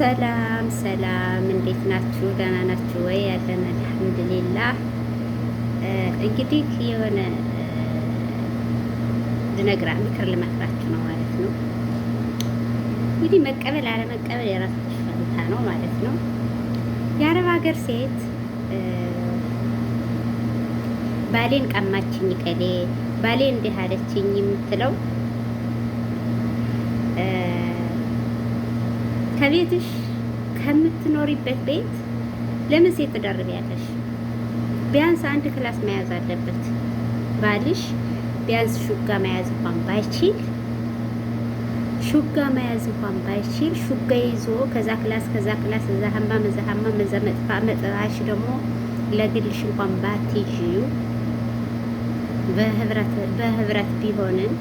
ሰላም ሰላም፣ እንዴት ናችሁ? ደህና ናችሁ ወይ? ያለን አልሐምዱሊላህ። እንግዲህ የሆነ ልነግራ ምክር ልመክራችሁ ነው ማለት ነው። እንግዲህ መቀበል አለመቀበል የራሳችሁ ፈንታ ነው ማለት ነው። የአረብ ሀገር ሴት ባሌን ቀማችኝ ቀሌ ባሌ እንዲህ አለችኝ የምትለው ከቤትሽ ከምትኖሪበት ቤት ለምን ሴት ትደርቢያለሽ? ቢያንስ አንድ ክላስ መያዝ አለበት ባልሽ። ቢያንስ ሹጋ መያዝ እንኳን ባይችል ሹጋ መያዝ እንኳን ባይችል ሹጋ ይዞ ከዛ ክላስ ከዛ ክላስ እዛ ሀማ መዛ ሀማ መዛ መጥፋ መጥራሽ ደግሞ ለግልሽ እንኳን ባትይዩ በህብረት በህብረት ቢሆንም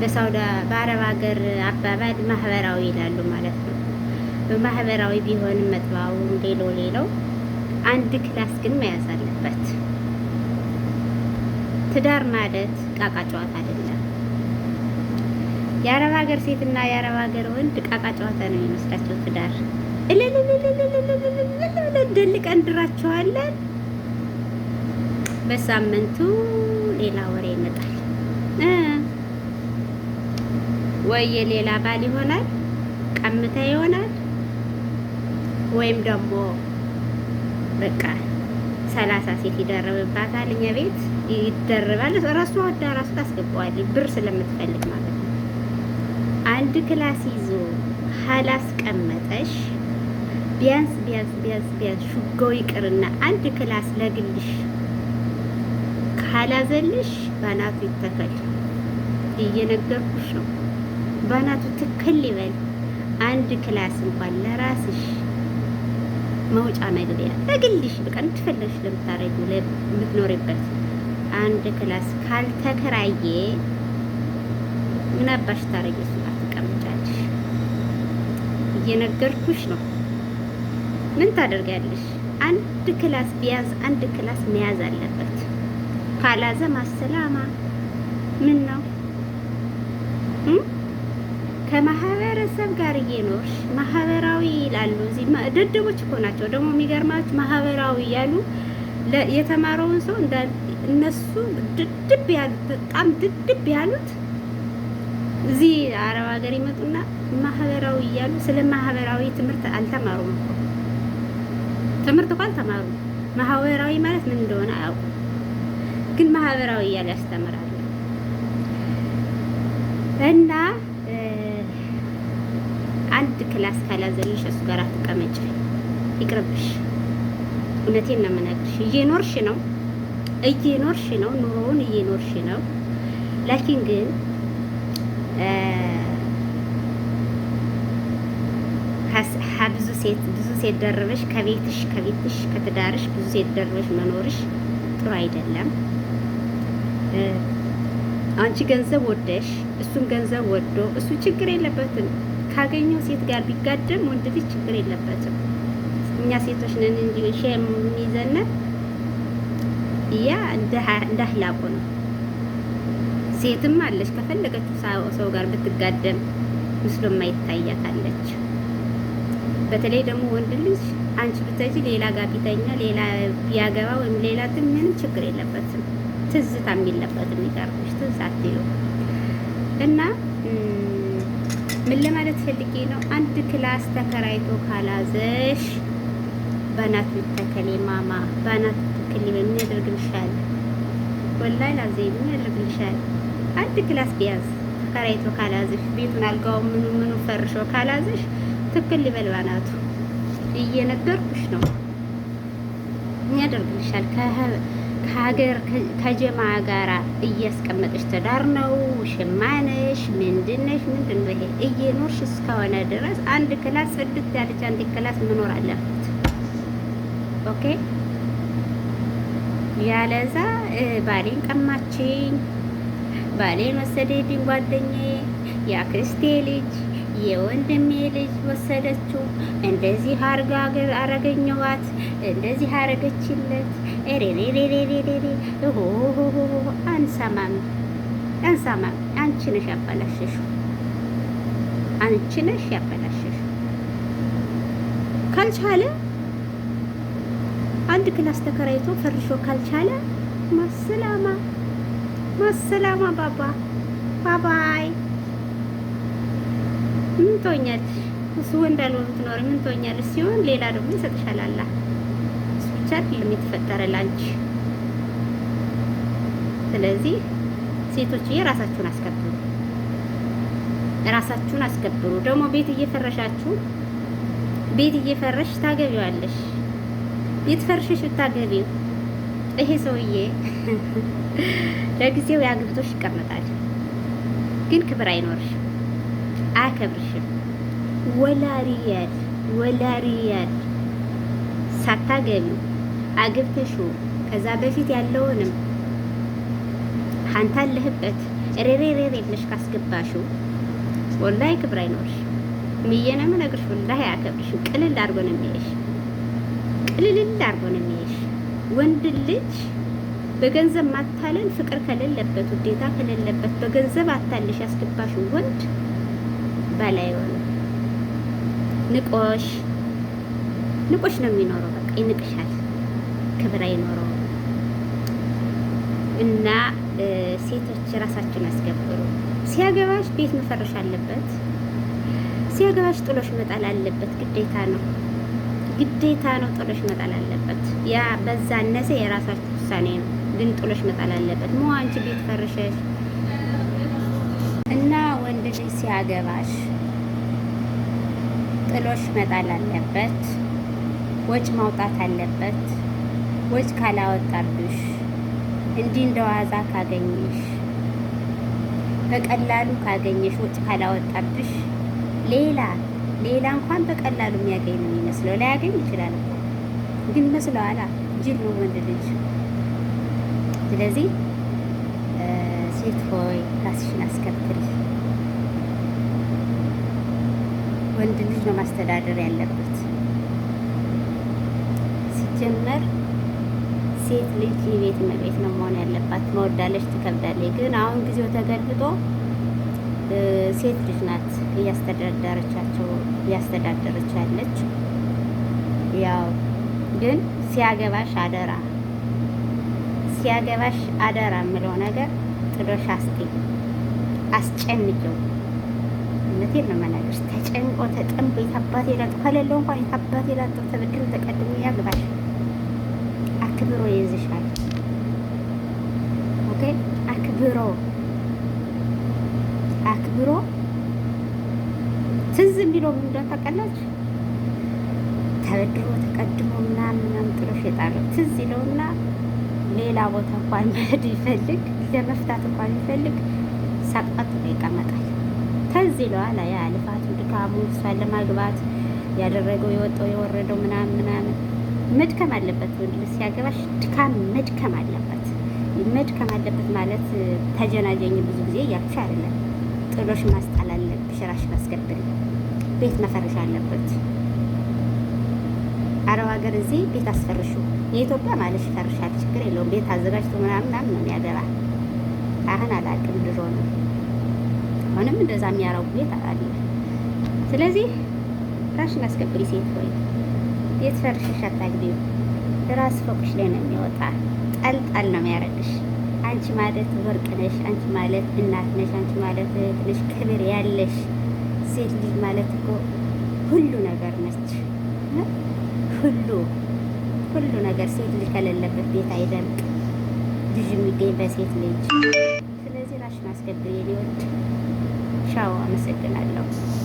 በሳውዳ በአረብ ሀገር አባባል ማህበራዊ ይላሉ ማለት ነው። በማህበራዊ ቢሆንም መጥባው ሌላው ሌለው አንድ ክላስ ግን መያዝ አለበት። ትዳር ማለት ቃቃ ጨዋታ አይደለም። የአረብ ሀገር ሴትና የአረብ ሀገር ወንድ ቃቃ ጨዋታ ነው የሚመስላቸው ትዳር ደልቀን እንድራቸዋለን። በሳምንቱ ሌላ ወሬ ይመጣል። ወይ የሌላ ባል ይሆናል ቀምተ ይሆናል ወይም ደግሞ በቃ ሰላሳ ሴት ይደርብባታል። እኛ ቤት ይደርባል። ራሱ ወዳ ራሱ ታስገባዋለች ብር ስለምትፈልግ ማለት ነው። አንድ ክላስ ይዞ ቀመጠሽ ቢያንስ ቢያንስ ቢያንስ ቢያንስ ሹጎ ይቅርና አንድ ክላስ ለግልሽ ካላዘልሽ ባናቱ ይተከል። እየነገርኩሽ ነው። በእናቱ ትክል ይበል። አንድ ክላስ እንኳን ለራስሽ መውጫ መግቢያ በግልሽ በቃ እንትፈልግሽ ለምታረጊው ለምትኖሪበት አንድ ክላስ ካልተከራየ ምን አባሽ ታረጊ? እሱን ትቀምጫለሽ። እየነገርኩሽ ነው። ምን ታደርጋለሽ? አንድ ክላስ ቢያዝ አንድ ክላስ መያዝ አለበት። ካላዘ ማሰላማ ምን ነው ከማህበረሰብ ጋር እየኖርሽ ማህበራዊ ይላሉ። እዚህ ደደቦች እኮ ናቸው። ደግሞ የሚገርማች ማህበራዊ ያሉ የተማረውን ሰው እነሱ ድድብ ያሉት በጣም ድድብ ያሉት እዚህ አረብ ሀገር ይመጡና ማህበራዊ እያሉ ስለ ማህበራዊ ትምህርት አልተማሩም እኮ ትምህርት እኮ አልተማሩም። ማህበራዊ ማለት ምን እንደሆነ አያውቁም። ግን ማህበራዊ እያሉ ያስተምራሉ እና ክላስ ካላዘለሽ እሱ ጋር አትቀመጭ፣ ይቅርብሽ። እውነቴን ነው የምነግርሽ። እየኖርሽ ነው እየኖርሽ ነው ኑሮውን እየኖርሽ ነው። ላኪን ግን ብዙ ሴት ብዙ ሴት ደርበሽ ከቤትሽ ከቤትሽ ከትዳርሽ ብዙ ሴት ደርበሽ መኖርሽ ጥሩ አይደለም። አንቺ ገንዘብ ወደሽ እሱም ገንዘብ ወዶ እሱ ችግር የለበትም። ካገኘው ሴት ጋር ቢጋደም ወንድ ልጅ ችግር የለበትም። እኛ ሴቶች ነን እንጂ ሼም የሚይዘን ያ እንደ አህላቁ ነው። ሴትም አለች ከፈለገችው ሰው ጋር ብትጋደም ምስሎ የማይታያት አለች። በተለይ ደግሞ ወንድ ልጅ አንቺ ብተጂ ሌላ ጋር ቢተኛ ሌላ ቢያገባ ወይም ሌላ ግን ምንም ችግር የለበትም። ትዝታም የሚለበት ይቀርብሽ ትዝ አትይው እና ምን ለማለት ፈልጌ ነው? አንድ ክላስ ተከራይቶ ካላዘሽ በናት ተከሌ ማማ በናት ተከሌ ምን ያደርግልሻል? ወላይ ላዜ ምን ያደርግልሻል? አንድ ክላስ ቢያዝ ተከራይቶ ካላዘሽ ቤቱን አልጋው ምኑ ምኑ ፈርሾ ካላዘሽ ትክል ይበል በናቱ። እየነገርኩሽ ነው። ምን ያደርግልሻል? ከሀገር ከጀማ ጋራ እያስቀመጠች ትዳር ነው ሽማነሽ ምንድነሽ ምንድን ነው ይሄ እየኖርሽ እስከሆነ ድረስ አንድ ክላስ ጽድት ያለች አንድ ክላስ መኖር አለበት። ኦኬ ያለዛ ባሌን ቀማችኝ፣ ባሌን ወሰደብኝ፣ ጓደኛዬ የአክስቴ ልጅ የወንድሜ ልጅ ወሰደችው፣ እንደዚህ አርጋ አረገኘዋት፣ እንደዚህ አረገችለት አንሰማም አንሰማም። አንቺ ነሽ ያበላሸሽው፣ አንቺ ነሽ ያበላሸሽው። ካልቻለ አንድ ክላስ ተከራይቶ ፈርሾ ካልቻለ ማሰላማ ማሰላማ። ባባ ባባይ ምን ትሆኛለሽ? እሱ ወንድ አልሆኑ ትኖሪ ምን ትሆኛለሽ? ሲሆን ሌላ ደግሞ ይሰጥሻል አላህ አይደለም የተፈጠረ ላንቺ። ስለዚህ ሴቶችዬ ራሳችሁን አስከብሩ፣ ራሳችሁን አስከብሩ። ደግሞ ቤት እየፈረሻችሁ ቤት እየፈረሽ ታገቢዋለሽ። ቤት ፈርሽሽ ብታገቢው ይሄ ሰውዬ ለጊዜው ያግብቶሽ ይቀመጣል፣ ግን ክብር አይኖርሽም፣ አያከብርሽም። ወላ ሪያል ወላ ሪያል ሳታገቢው አግብተሹ ከዛ በፊት ያለውንም ሀንታለህበት ሬሬ ሬሬ ብለሽ ካስገባሹ ወላሂ ክብር አይኖርሽ። ምየነ ምነግርሽ ወላሂ አያከብርሽ። ቅልል አድርጎ ነው የሚሄሽ፣ ቅልልል አድርጎ ነው የሚሄሽ። ወንድ ልጅ በገንዘብ ማታለል ፍቅር ከሌለበት ውዴታ ከሌለበት በገንዘብ አታልሽ ያስገባሽ ወንድ በላይ ሆነ ንቆሽ ንቆሽ ነው የሚኖረው። በቃ ይንቅሻል። ክብር አይኖረውም። እና ሴቶች ራሳችን ያስገብሩ። ሲያገባሽ ቤት መፈረሽ አለበት። ሲያገባሽ ጥሎሽ መጣል አለበት። ግዴታ ነው፣ ግዴታ ነው። ጥሎሽ መጣል አለበት። ያ በዛ እነሰ የራሳችሁ ውሳኔ ነው፣ ግን ጥሎሽ መጣል አለበት። ሞ አንቺ ቤት ፈርሸሽ እና ወንድ ልጅ ሲያገባሽ ጥሎሽ መጣል አለበት። ወጭ ማውጣት አለበት። ወጭ ካላወጣብሽ እንዲህ እንደዋዛ ካገኘሽ በቀላሉ ካገኘሽ ወጭ ካላወጣብሽ ሌላ ሌላ እንኳን በቀላሉ የሚያገኝ ነው የሚመስለው። ላያገኝ ይችላል ግን መስለዋላ ጅል ነው ወንድ ልጅ። ስለዚህ ሴት ሆይ ራስሽን አስከብሪ። ወንድ ልጅ ነው ማስተዳደር ያለበት ሲጀመር ሴት ልጅ የቤት እመቤት ነው መሆን ያለባት። መወዳለች ትከብዳለች። ግን አሁን ጊዜው ተገልብጦ ሴት ልጅ ናት እያስተዳደረቻቸው እያስተዳደረች ያለች። ያው ግን ሲያገባሽ አደራ ሲያገባሽ አደራ የምለው ነገር ጥሎሽ አስጤ አስጨንቄው እውነቴ ነው መናገርሽ። ተጨንቆ ተጠምቆ የታባቴ ላጡ ከሌለው እንኳን የታባቴ ላጡ ተበድሮ ተቀድሞ ያግባሽ። አክብሮ ይዝሻል። ኦኬ አክብሮ አክብሮ ትዝ የሚለው ምን እንደሆነ ተበድሮ ተቀድሞ ምናምን ምናምን ጥሎሽ የጣለው ትዝ ይለውና ሌላ ቦታ እንኳን መሄድ ይፈልግ ለመፍታት እንኳን ይፈልግ ሳቅጣጥ ይቀመጣል። ተዝ ይለዋል። ያ ልፋቱ፣ ድካሙ፣ እሷን ለማግባት ያደረገው የወጣው የወረደው ምናምን ምናምን መድከም አለበት። ወንድ ልጅ ሲያገባሽ ድካም መድከም አለበት። መድከም አለበት ማለት ተጀናጀኝ ብዙ ጊዜ እያልኩሽ አይደለም። ጥሎሽ ማስጣል አለብሽ፣ ራስሽን አስገብሪ። ቤት መፈረሻ አለበት። አረብ ሀገር እዚህ ቤት አስፈርሹ፣ የኢትዮጵያ ማለሽ ይፈርሻል፣ ችግር የለውም። ቤት አዘጋጅቶ ምናምን ምናምን ነው የሚያገባ። አሁን አላውቅም፣ ድሮ ነው። አሁንም እንደዛ የሚያረጉ ቤት አለ። ስለዚህ ራስሽን አስገብሪ ሴት ሆይ ቤት ሰርሽሽ አታግቢው። ራስ ፎቅሽ ላይ ነው የሚወጣ። ጠልጣል ነው የሚያደርግሽ። አንቺ ማለት ወርቅ ነሽ፣ አንቺ ማለት እናት ነሽ፣ አንቺ ማለት እህት ነሽ፣ ክብር ያለሽ ሴት ልጅ ማለት እኮ ሁሉ ነገር ነች። ሁሉ ሁሉ ነገር ሴት ልጅ ከሌለበት ቤት አይደምቅ። ልጅ የሚገኝ በሴት ልጅ። ስለዚህ ራሽን አስከብር የኔ ወድ ሻው። አመሰግናለሁ።